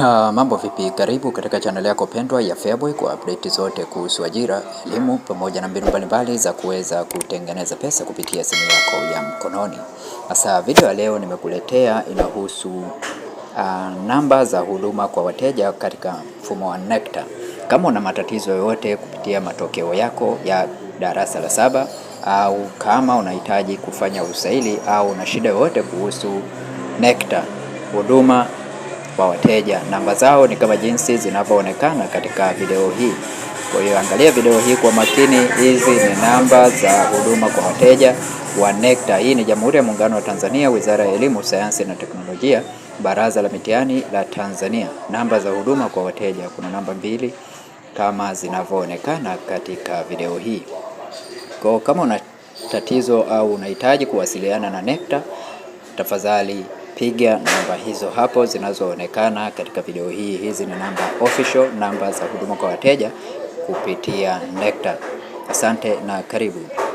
Uh, mambo vipi? Karibu katika chaneli yako pendwa ya Feaboy kwa update zote kuhusu ajira, elimu pamoja na mbinu mbalimbali za kuweza kutengeneza pesa kupitia simu yako ya mkononi. Sasa video ya leo nimekuletea inahusu uh, namba za huduma kwa wateja katika mfumo wa NECTA. Kama una matatizo yoyote kupitia matokeo yako ya darasa la saba au kama unahitaji kufanya usaili au una shida yoyote kuhusu NECTA huduma kwa wateja. Namba zao ni kama jinsi zinavyoonekana katika video hii. Kwa hiyo angalia video hii kwa makini. Hizi ni namba za huduma kwa wateja wa NECTA. Hii ni Jamhuri ya Muungano wa Tanzania, Wizara ya Elimu, Sayansi na Teknolojia, Baraza la Mitihani la Tanzania. Namba za huduma kwa wateja, kuna namba mbili kama zinavyoonekana katika video hii. Kwa kama una tatizo au unahitaji kuwasiliana na NECTA, tafadhali piga namba hizo hapo zinazoonekana katika video hii. Hizi ni namba official, namba za huduma kwa wateja kupitia NECTA. Asante na karibu.